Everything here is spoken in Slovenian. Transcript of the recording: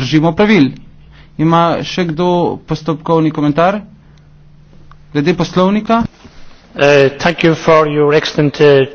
držimo pravil. Ima še kdo postopkovni komentar? Glede poslovnika? Uh, thank you for your excellent uh